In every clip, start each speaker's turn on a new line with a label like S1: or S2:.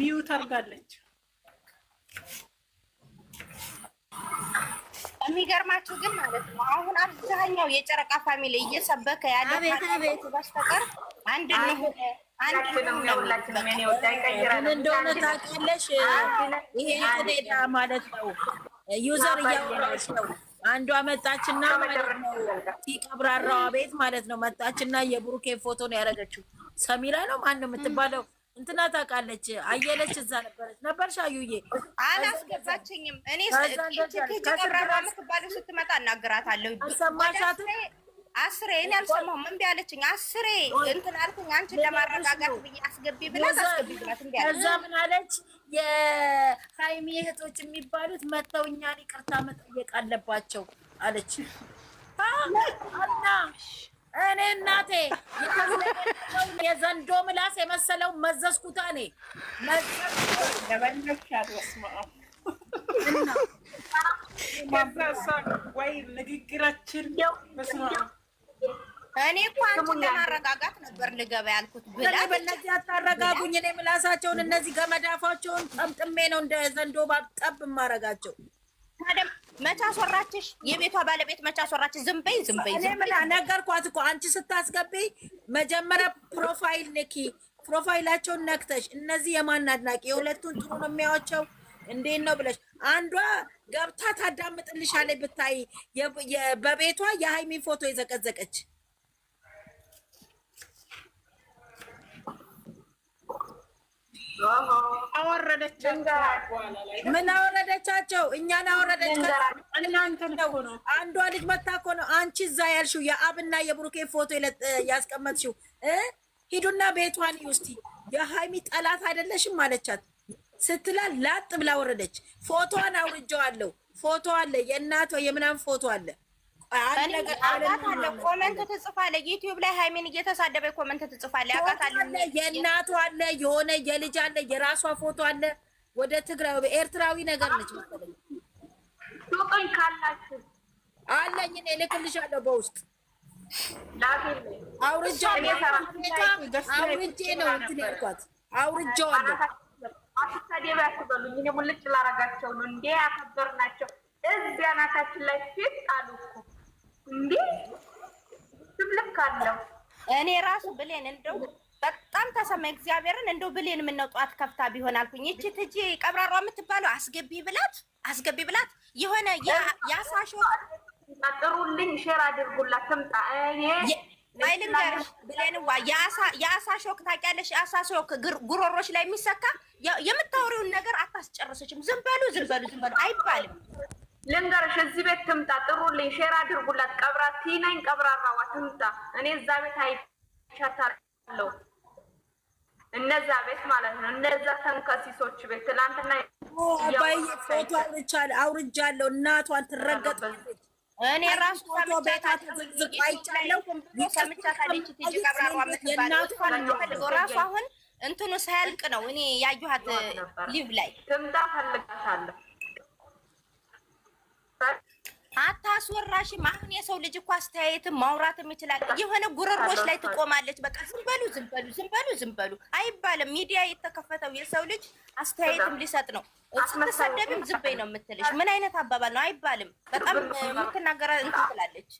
S1: ሚዩት አድርጋለች።
S2: የሚገርማችሁ ግን ማለት ነው አሁን አብዛኛው የጨረቃ ፋሚሊ እየሰበከ ያለ በስተቀር አንድ
S1: እንደሆነ ታውቂያለሽ። ይሄ ማለት ነው ዩዘር እያወራች ነው አንዷ መጣችና ማለት ነው ሲቀብራራዋ ቤት ማለት ነው መጣችና የብሩኬ ፎቶ ነው ያደረገችው። ሰሚራ ነው ማን ነው የምትባለው? እንትና ታውቃለች። አየለች እዛ ነበረች ነበርሽ? አዩዬ
S2: አላስገባችኝም። እኔ ቀብራራ የምትባለው ስትመጣ እናገራታለሁ።
S1: ሰማሻትም?
S2: አስሬ እኔ አልሰማሁም። እምቢ አለችኝ። አስሬ እንትን አልኩኝ። አንቺን ለማረጋጋት ብዬ አስገቢ ብላት አስገቢ ብላት እምቢ
S1: አለች። ከዛ ምን አለች? የሀይሚ እህቶች የሚባሉት መተው እኛን ይቅርታ መጠየቅ አለባቸው አለች እኔ እናቴ የዘንዶ ምላስ የመሰለው መዘዝኩታ ኔ ወይ ንግግራችን
S2: እኔ እኮ አንቺን ለማረጋጋት ነበር ልገባ ያልኩት
S1: ብላ በእነዚህ አታረጋጉኝ። እኔ ምላሳቸውን እነዚህ ገመዳፋቸውን ጠምጥሜ ነው እንደ ዘንዶ ባጠብ ማረጋቸው።
S2: ታዲያ መቻ አስወራችሽ፣ የቤቷ ባለቤት መቻ አስወራችሽ። ዝም በይ ዝም በይ።
S1: እኔ ምን ነገርኳት እኮ አንቺ ስታስገቢ መጀመሪያ ፕሮፋይል ንኪ፣ ፕሮፋይላቸውን ነክተሽ እነዚህ የማን አድናቂ የሁለቱን ጥሩ ነው የሚያዋቸው እንዴት ነው ብለሽ አንዷ ገብታ ታዳምጥልሻለች። ብታይ በቤቷ የሃይሚን ፎቶ የዘቀዘቀች
S2: አወረደቻቸው።
S1: ምን አወረደቻቸው? እኛን አወረደች። አንዷ ልጅ መታ እኮ ነው አንቺ እዛ ያልሽው የአብና የብሩኬ ፎቶ ያስቀመጥሽው። ሂዱና ቤቷን ውስቲ የሀይሚ ጠላት አይደለሽም አለቻት። ስትላል ላጥ ብላ ወረደች። ፎቶዋን አውርጀዋለሁ። ፎቶ አለ የእናቷ የምናምን ፎቶ አለ
S2: ኮመንት ትጽፋለህ። ዩቲዩብ ላይ ሀይሚን እየተሳደበ ኮመንት ትጽፋለህ።
S1: የእናቱ አለ፣ የሆነ የልጅ አለ፣ የራሷ ፎቶ አለ። ወደ ትግራይ ኤርትራዊ ነገር ነች መሰለኝ አለኝ። እኔ እልክልሻለሁ በውስጥ አውርጄ ነው እንትን ያልኳት አውርጄዋለሁ።
S2: አትሳደቢ አትበሉኝ። እኔ ሙልጭ ላረጋቸው ነው እንዴ? አከበር ናቸው እዚያ ናታችን ላይ ፊት አሉ እኮ
S1: እኔ ራሱ ብሌን እንደው በጣም ተሰማ እግዚአብሔርን እንደው ብሌን ምነው ጠዋት ከፍታ ቢሆን አልኩኝ። እቺ ትጂ ቀብራሯ የምትባለው አስገቢ ብላት አስገቢ ብላት የሆነ የአሳሾ
S2: ጥሩልኝ፣ ሼር አድርጉላት ትምጣ
S1: ባይልንገርሽ ብሌንዋ የአሳ ሾክ ታውቂያለሽ? የአሳ ሾክ ጉሮሮች ላይ የሚሰካ የምታወሪውን ነገር አታስጨርሶችም። ዝም በሉ ዝም በሉ ዝም በሉ አይባልም።
S2: ልንገርሽ፣ እዚህ ቤት ትምጣ፣ ጥሩልኝ፣ ሼር አድርጉላት። ቀብራ ቲናኝ ቀብራራዋ ትምጣ። እኔ እዛ ቤት አይቻታለሁ፣ እነዛ ቤት ማለት ነው፣ እነዛ ተንከሲሶች ቤት ትላንትና
S1: አባዬ ፎቶ አውርቻለሁ አውርጃለሁ። እናቷን ትረገጥ እኔ ራሱ ፎቶ ቤታ ተዘግዝቅ አይቻለሁ።
S2: ከምቻታለች ትጅ ቀብራሯ
S1: የምትባለው ራሱ አሁን እንትኑ ሳያልቅ ነው እኔ ያየኋት ሊቭ ላይ
S2: ትምጣ፣ ፈልጋታለሁ
S1: አታስወራሽም። አሁን የሰው ልጅ እኮ አስተያየትም ማውራትም ይችላል። የሆነ ጉረሮች ላይ ትቆማለች። በቃ ዝም በሉ ዝም በሉ ዝም በሉ ዝም በሉ አይባልም። ሚዲያ የተከፈተው የሰው ልጅ አስተያየትም ሊሰጥ ነው። ስትሰደብም ዝም በይ ነው የምትልሽ። ምን አይነት አባባል ነው? አይባልም። በጣም የምትናገረ እንትን ትላለች።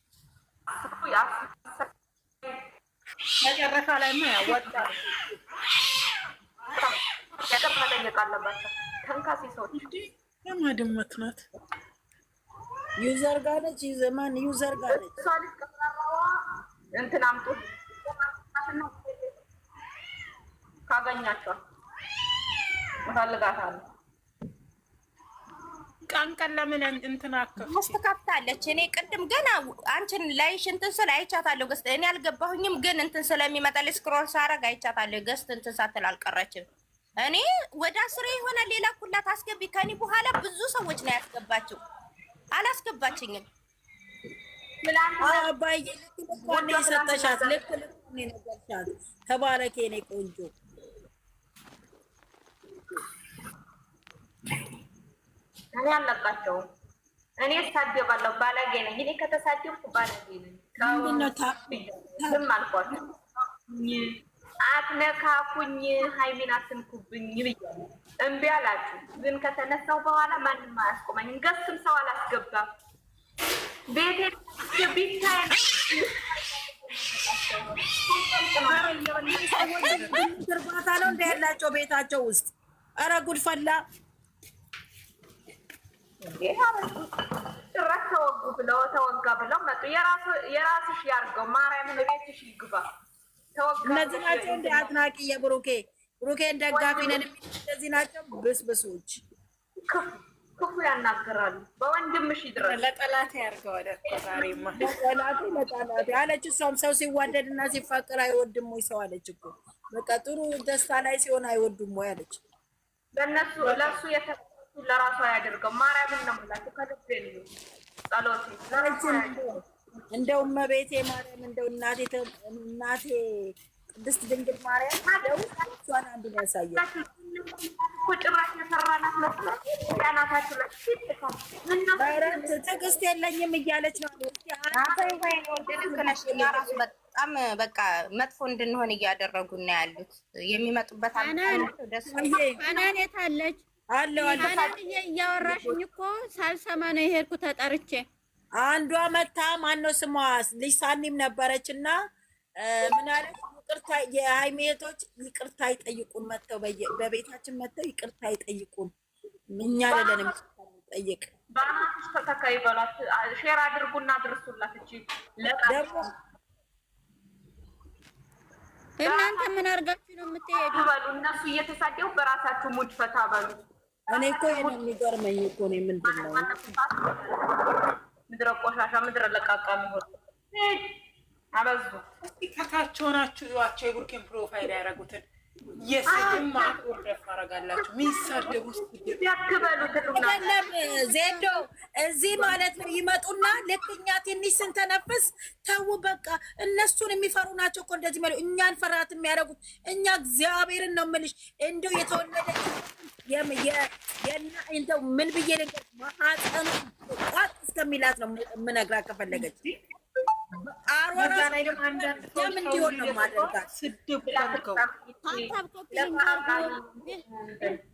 S1: መጨረሻ ላይ ምን ያወጣ
S2: ያቀመጠኘት ተንካሴ ሰዎች
S1: ማደመት ናት ዩዘር ጋ ነች። ዘማን ዩዘር ጋ ነች?
S2: እንትን አምጡ ካገኛቸዋል እፈልጋታለሁ።
S1: ቀን ቀን ለምን እንትን
S2: አስተካክታለች። እኔ ቅድም ገና አንቺን ላይሽ እንትን ስል አይቻታለሁ። ገስት እኔ አልገባሁኝም፣ ግን እንትን ስለሚመጣል ስክሮል ሳረግ አይቻታለሁ። ገስት እንትን ሳትል አልቀረችም። እኔ ወደ አስሬ የሆነ ሌላ ኩላት አስገቢ ከኔ በኋላ ብዙ ሰዎች ነው ያስገባቸው። አላስገባችኝም።
S1: አባዬ ልክ ልኳን ልክ የኔ ቆንጆ።
S2: እኔ አልነባቸውም። እኔ እሳደባለሁ፣ ባለጌ ነኝ። እኔ ከተሳደብኩ ባለጌ ነኝ። ምንድን ነው ዝም አልኳት። አትነካኩኝ፣ ሀይሜን አትንኩብኝ ብያለሁ። እምቢ አላችሁ። ግን ከተነሳው በኋላ ማንም አያስቆመኝ። ገስም ሰው አላስገባም። ቤቴ ቢታይ
S1: እርባታ ነው እንደ ያላቸው ቤታቸው ውስጥ። ኧረ ጉድ ፈላ።
S2: ጭራሽ ተወጉ ብለው ተወጋ ብለው መጡ። የራስሽ ያርገው። ማርያምን ቤትሽ ይግባ
S1: እነዚህ ናቸው እንደ አጥናቂ የብሩኬ ብሩኬን ደጋፊ ነን እነዚህ ናቸው ብስብሶች።
S2: ክፉ ያናገራሉ። በወንድምሽ ይድረስ።
S1: ለጠላት ያርገዋል። ዛሬማ ለጠላት አለች። እሷም ሰው ሲዋደድ እና ሲፋቅር አይወድም ወይ ሰው አለች እኮ በቃ ጥሩ ደስታ ላይ ሲሆን አይወዱም ወይ አለች።
S2: በእነሱ ለእሱ የተሱ ለራሱ አያደርገው። ማርያምን ነው የምላቸው ከልቤ ነው ጸሎቴ
S1: እንደው እመቤቴ ማርያም እንደው እናቴ እናቴ ቅድስት ድንግል ማርያም እንደው እሷን አንድ ነው ያሳየው
S2: እኮ የሰራናት ትዕግስት የለኝም እያለች በጣም በቃ መጥፎ እንድንሆን እያደረጉ ነው ያሉት። የሚመጡበት
S1: አናኔት አለች አለ አለ እያወራሽኝ እኮ ሳልሰማ ነው የሄድኩ ተጠርቼ አንዷ መታ ማነው ስሟ ልጅ ሳኒም ነበረች እና ምናለች ይቅርታ የሀይሜ ይቅርታ ይጠይቁን መጥተው በቤታችን መጥተው ይቅርታ ይጠይቁን እኛ ለለንም ጠይቅ
S2: በአናቶች ተተካይ በሏት ሼር አድርጉና ድርሱላት እቺ
S1: ደግሞ እናንተ ምን አድርጋችሁ ነው የምትሄዱ?
S2: በሉ እነሱ እየተሳደቡ በራሳችሁ ሙድ ፈታ በሉ።
S1: እኔ እኮ የሚገርመኝ እኮ ነው ምንድን ነው
S2: ምድረ ቆሻሻ ምድረ ለቃቃ ሚሆን አበዙ።
S1: ከታች ሆናችሁ እዩዋቸው የቡርኪን ፕሮፋይል ያደረጉትን የስማት ኦርደር ታደርጋላችሁ። ሚሳደቡ ዜዶ እዚህ ማለት ነው ይመጡና ትንሽ ስንተነፍስ ተው በቃ እነሱን የሚፈሩ ናቸው እኮ እንደዚህ እኛን የሚያደርጉት እኛ እግዚአብሔርን ነው የምልሽ። እንደው የተወለደ እንደው ምን ብዬ እስከሚላት ነው የምነግራት ከፈለገች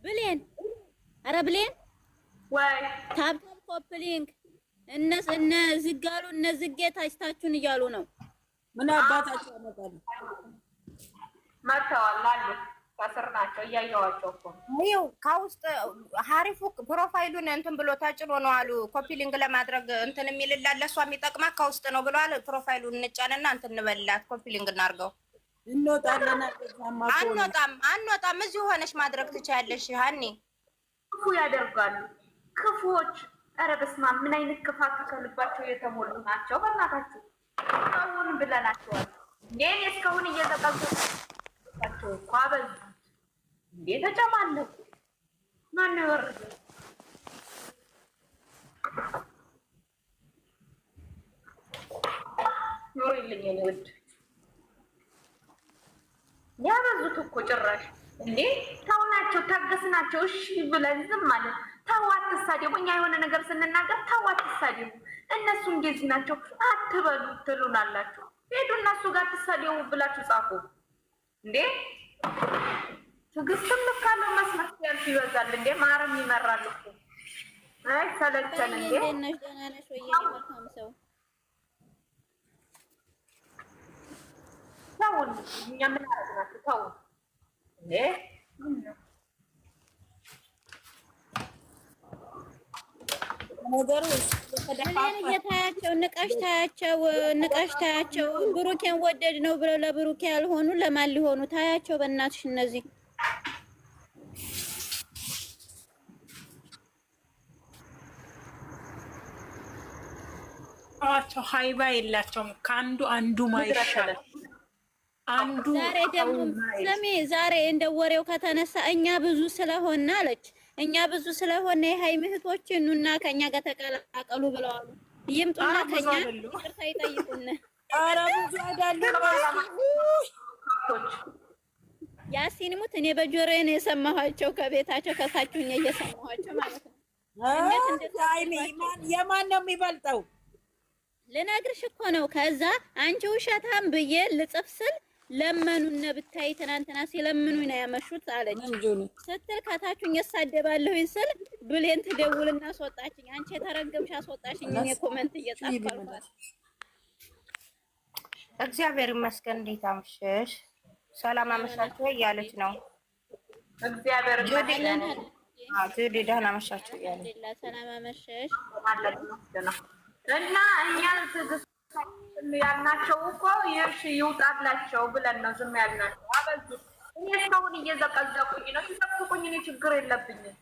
S1: ብሌን ኧረ ብሌን ታብታብ ኮፕሊንግ እነ ዝጋሉ እነ ዝጌ ታችታችሁን እያሉ ነው። ምን አባታችሁ ያመጣሉ
S2: መጥተዋል አሉ ከስር ናቸው እያየኋቸው እኮ
S1: ይኸው ከውስጥ ሀሪፉ ፕሮፋይሉን እንትን ብሎ ተጭኖ ነው አሉ። ኮፒሊንግ ለማድረግ እንትን የሚልላት ለእሷ የሚጠቅማ ከውስጥ ነው ብለዋል። ፕሮፋይሉን እንጫንና እንትን እንበላት ኮፒሊንግ እናድርገው። አንወጣም አንወጣም፣ እዚሁ ሆነሽ ማድረግ ትችያለሽ። ሀኒ
S2: ክፉ ያደርጋሉ ክፉዎች። ኧረ በስመ አብ ምን አይነት ክፋት ከልባቸው የተሞሉ ናቸው። በእናታችሁ እስካሁን ብለናቸዋል። ይህን እስካሁን እየተጠጉ ቸው እኮ አበዙ የተጨማለቁ ማነው የወረደው? ኑሪልኝ የእኔ ውድ ያበዙት እኮ ጭራሽ እንዴ! ተው ናቸው ታገስ ናቸው። እሺ ብለን ዝም ማለት ተው አትሳደቡ። እኛ የሆነ ነገር ስንናገር ተው አትሳደቡ፣ እነሱ እንደዚህ ናቸው አትበሉ ትሉናላችሁ። ሄዱ እነሱ ጋር አትሳደቡ ብላችሁ ጻፉ እንዴ! ትግስትም ልካለው ነው። መስማት ይበዛል እንዴ ማረም ይመራል እኮ። አይ ሰለቸን እንዴ ተውን፣ እኛ ምን አደረግናችሁ? ተውን
S1: እንዴ ነገሩ ታያቸው ንቀሽ ታያቸው ንቀሽ ታያቸው ብሩኬን ወደድ ነው ብለው ለብሩኬ ያልሆኑ ለማን ሊሆኑ ታያቸው። በእናትሽ እነዚህ የላቸው ሀይባ የላቸውም። ከአንዱ አንዱ ማይሻል አንዱ ዛሬ ደግሞ ስሚ፣ ዛሬ እንደ ወሬው ከተነሳ እኛ ብዙ ስለሆነ አለች፣ እኛ ብዙ ስለሆነ የሀይሚ እህቶች ኑና ከእኛ ጋር ተቀላቀሉ ብለዋሉ። ይምጡና ከኛ ይቅርታ ይጠይቁን።
S2: ኧረ ብዙ አይደለም
S1: ያሲን ሙት። እኔ በጆሮዬ ነው የሰማኋቸው፣ ከቤታቸው ከሳችሁኝ እየሰማኋቸው ማለት ነው።
S2: የማን ነው የሚበልጠው?
S1: ልነግርሽ እኮ ነው። ከዛ አንቺ ውሸታም ብዬ ልጽፍ ስል ለመኑነ ብታይ ትናንትና ሲለምኑኝ ነው ያመሹት አለች ስትል ከታችሁኝ እሳደባለሁኝ ስል ብሌን ትደውልና አስወጣችኝ። አንቺ የተረገምሽ አስወጣችኝ። እኔ ኮመንት እየጻፍኳልኳት።
S2: እግዚአብሔር ይመስገን። እንዴት አመሸሽ? ሰላም አመሻችሁ እያለች ነው። እግዚአብሔር ይመስገን። አዎ ትውልድ ደህና አመሻችሁ እያለች
S1: ሰላም አመሸሽ
S2: እና እኛ ትዕግስት ያልናቸው እኮ ይርሽ ይውጣላቸው ብለን ነው ዝም ያልናቸው። አበዙ። እኔ ሰውን እየዘቀዘቁኝ ነው ሲጠብቁኝ፣ እኔ ችግር የለብኝም።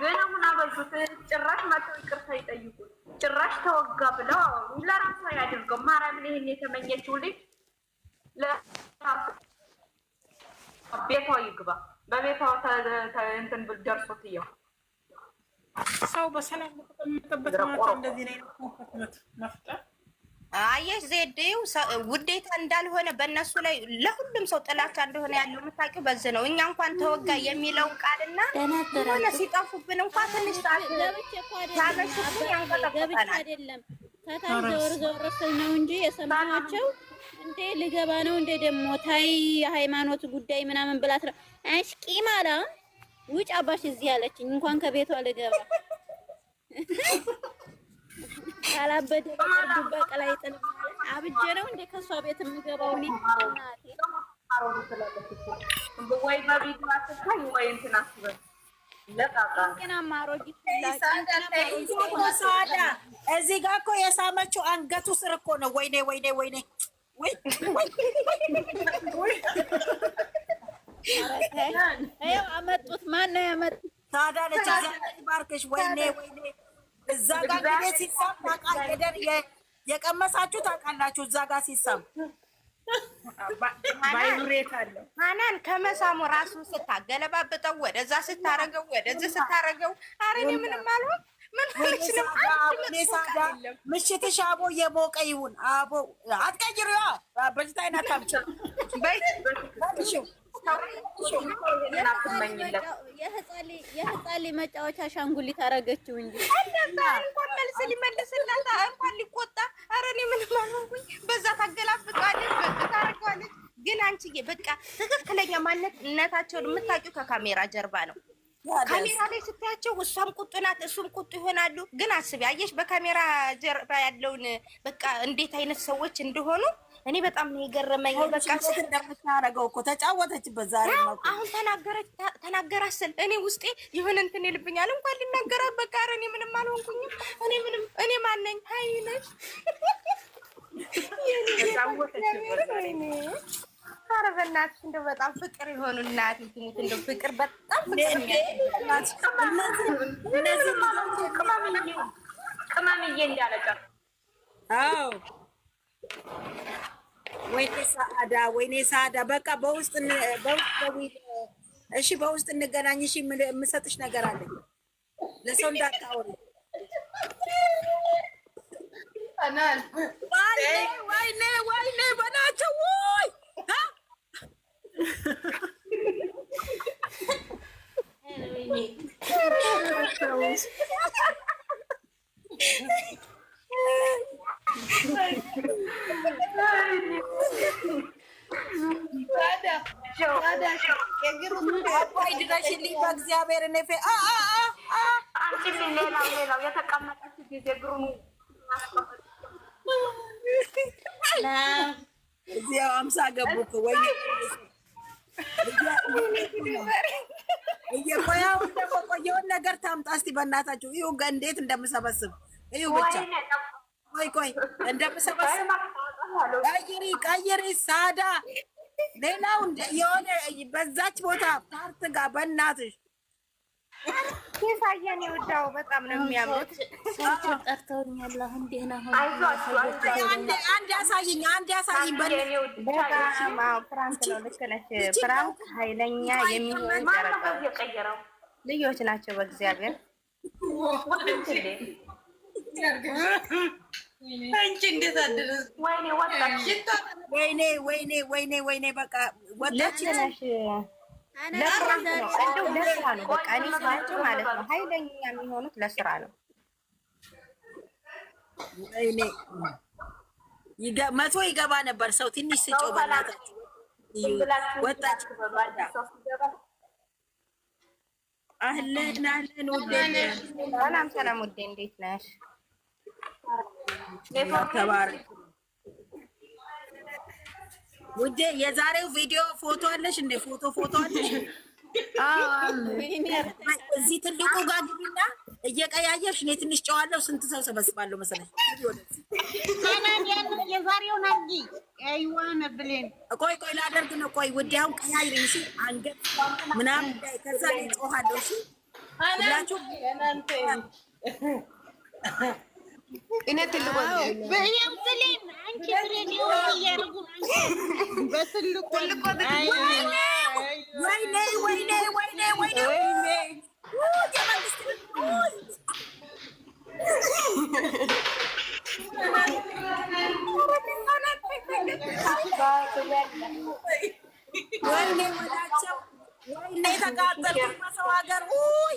S2: ግን አሁን አበዙት። ጭራሽ መጥተው ይቅርታ ይጠይቁት፣ ጭራሽ ተወጋ ብለው አወሩ። ለራሷ ያድርገው። ማርያምን ይህን የተመኘችው ልጅ ቤቷ ይግባ፣ በቤቷ እንትን ደርሶት እየው
S1: ሰው በሰላም ተቀምጠበት ማለት እንደዚህ ነው። መፍጠር አየሽ ዜዴው ውዴታ እንዳልሆነ በእነሱ ላይ ለሁሉም ሰው ጥላቻ እንደሆነ ያለው የምታውቂው በዚህ ነው። እኛ እንኳን ተወጋ የሚለውን ቃልና ሆነ ሲጠፉብን እንኳን ትንሽ ታመሹብን ያንቀጠቁጠናል። አይደለም ከታች ዘወር ዘወር ስል ነው እንጂ የሰማናቸው እንዴ ልገባ ነው እንዴ ደግሞ ታይ የሃይማኖት ጉዳይ ምናምን ብላት ነው አሽቂ ማለት ውጭ አባሽ እዚህ ያለችኝ እንኳን ከቤቷ ልገባ ካላበደ ዱባ ቀላይ ጥልብ አብጀ ነው እንደ ከሷ ቤት የምገባው እኔ እዚህ ጋ እኮ የሳመችው አንገቱ ስር እኮ ነው። ወይኔ ወይኔ ወይኔ አመጡት። ማነው ያመጡት?
S2: ታዲያ ባርክሽ። ወይኔ ወይኔ። እዛ ጋር ጊዜ ሲሳም ታውቃለህ፣ የቀመሳችሁ ታውቃላችሁ። እዛ ጋር ሲሳም
S1: ሀናን ከመሳሙ ራሱ ስታገለባብጠው ወደዛ ስታረገው ወደዚህ ስታረገው፣ ኧረ እኔ ምንም አልሆን። ምን
S2: ምሽትሽ አቦ የሞቀ ይሁን። አቦ አትቀይሪዋ በሽታ አይናታምች በይ
S1: የህፃን ልጅ መጫወቻ አሻንጉሊት አደረገችው እንጂ እንደዚያ እንኳን መልስ ሊመልስላት እንኳን ሊቆጣ ኧረ እኔ ምንም አልሆንኩኝ። በዛ ታገላብጠዋለች፣ በቃ ታደርገዋለች። ግን አንቺዬ በቃ ትክክለኛ ማንነታቸውን የምታውቂው ከካሜራ ጀርባ ነው። ካሜራ ላይ ስታያቸው እሷም ቁጡ ናት፣ እሱም ቁጡ ይሆናሉ። ግን አስቢ፣ አየሽ በካሜራ ጀርባ ያለውን በቃ እንዴት አይነት ሰዎች እንደሆኑ እኔ በጣም ነው የገረመኝ። በቃ እንደምታረገው እኮ ተጫወተችበት። ዛሬ አሁን ተናገረች ተናገራች እኔ ውስጤ የሆነ እንትን ይልብኛል። እንኳን ሊናገራት በቃ እኔ ምንም አልሆንኩኝም። እኔ ምንም እኔ ማነኝ ሀይ ነች ኧረ በእናትሽ እንደው በጣም ፍቅር የሆኑ እናት ትሙት እንደው ፍቅር በጣም ፍቅር ቅመምዬ እንዳለቀ አዎ ወይኔ ሰዓዳ ወይኔ ሳዳ በቃ በውስጥ እሺ፣ በውስጥ እንገናኝ። እሺ፣ የምሰጥሽ ነገር አለ፣ ለሰው እንዳታወሪ። ወይኔ ወይኔ፣ በናቸው ወይ ድረሽልኝ በእግዚአብሔር እዚያው አምሳ ገቡ እኮ ወይ እየቆየውን ነገር ታምጣ እስኪ በእናታችሁ እዩ እንዴት እንደምሰበስብ እዩ ብቻ ቆይ ቆይ እንደምሰበስብ ቀይሪ ቀይሪ ሳዳ ሌላው የሆነ በዛች ቦታ ፓርት ጋር በእናትሽ ሳየን የወዳው በጣም ነው የሚያምሩት። ጠርተውኛል። አሁን ደህና አንድ ያሳይኝ፣ አንድ ያሳይኝ። ፍራንክ ነው። ልክ ነሽ። ፍራንክ ኃይለኛ የሚሆን ልጆች ናቸው። በእግዚአብሔር አንቺ እንዴት አደረስ? ወይኔ ወጣች። ወይኔ ወይኔ ወይኔ ወይኔ በቃ ወጣች። ለስራ ነው በቃ እኔ ስራቸው ማለት ነው ኃይለኛ የሚሆኑት ለስራ ነው። ወይኔ መቶ ይገባ ነበር ሰው ትንሽ ስጮህ ወጣች። አህለን አህለን ውዴ፣ ሰላም ሰላም ውዴ፣ እንዴት ነሽ? ውዴ የዛሬው ቪዲዮ ፎቶ አለሽ እንዴ? ፎቶ ፎቶ አለሽ? እዚህ ትልቁ ጋር ግቢና እየቀያየሽ እኔ ትንሽ ጨዋለሁ። ስንት ሰው ሰበስባለሁ መሰለሽ? የዛሬውን አድርጊ። ቆይ ቆይ ላደርግ ነው። ቆይ ውዴ አሁን ቀያይሪ እሺ። አንገት ምናምን ከዛ እጮሃለሁ እሺ። ሁላችሁ እኔ ትልቁ ወይኔ ወዳቸው ወይኔ ተቃጠልኩ በሰው ሀገር ውይ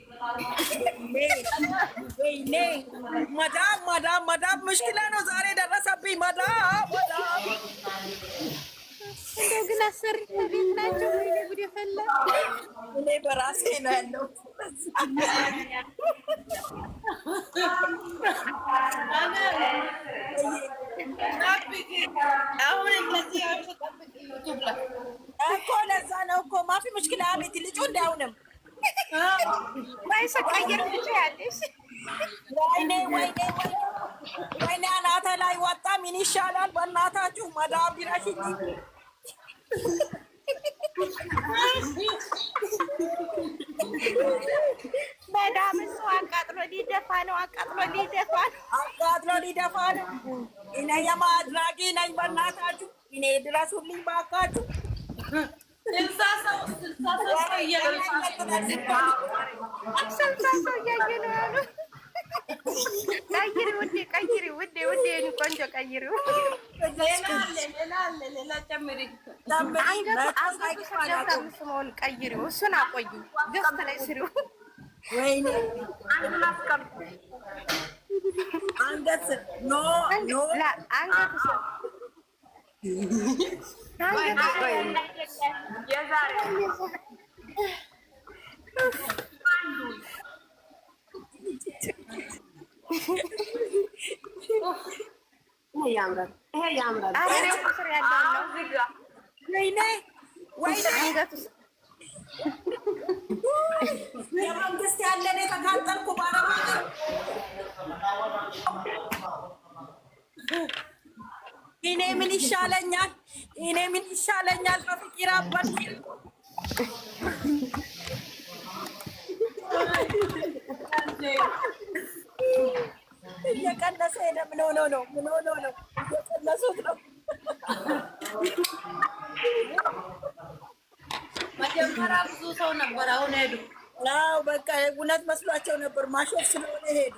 S1: ማዳም መዳም መዳም ምሽክላ ነው ዛሬ ደረሰብኝ። መዳም እንደው ግን አሰሪ ቤት ናቸው ጉድ ፈላ። እኔ በራሴ ነው ያለው እኮ ለዛ ነው እኮ ማፊ ምሽክላ ቤት ልጁ እንዳሁንም ማይሰቀየር ብቻ ያለሽ ወይኔ አናተ ላይ ወጣ። ምን ይሻላል? በእናታችሁ መዳቢራሽ መዳም እሱ አቃጥሎ ሊደፋ ነው። አቃጥሎ ሊደፋ ነው። አቃጥሎ ሊደፋ ነው። እኔ የማድራጊ ነኝ። በእናታችሁ እኔ ድረሱልኝ ባካችሁ። ቀይሪው፣ እሱን አቆዩ ገፍት ላይ ስሪው። ወይኔ አንገት ኖ አንገት የመንግስት ያለን የተቃጠልኩ ባለማ እኔ ምን ይሻለኛል? እኔ ምን ይሻለኛል? በፍቅር አባት እየቀነሰ ሄደ። ምን ሆኖ ነው? ምን ሆኖ ነው? እየቀነሱት ነው። መጀመሪያ ብዙ ሰው ነበር፣ አሁን ሄዱ። አዎ በቃ እውነት መስሏቸው ነበር። ማሾፍ ስለሆነ ሄዱ።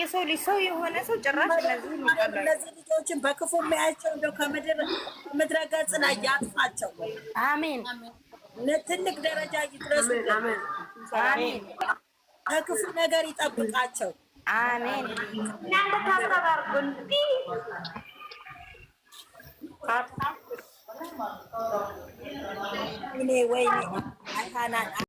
S1: የሰው ልጅ ሰው የሆነ ሰው ጭራሽ እነዚህ ልጆችን በክፉ የሚያያቸው እንደው ከምድረ ገጽ ላይ ያጥፋቸው። አሜን። ትልቅ ደረጃ ይድረሱ። አሜን። ከክፉ ነገር ይጠብቃቸው። አሜን። እኔ ወይኔ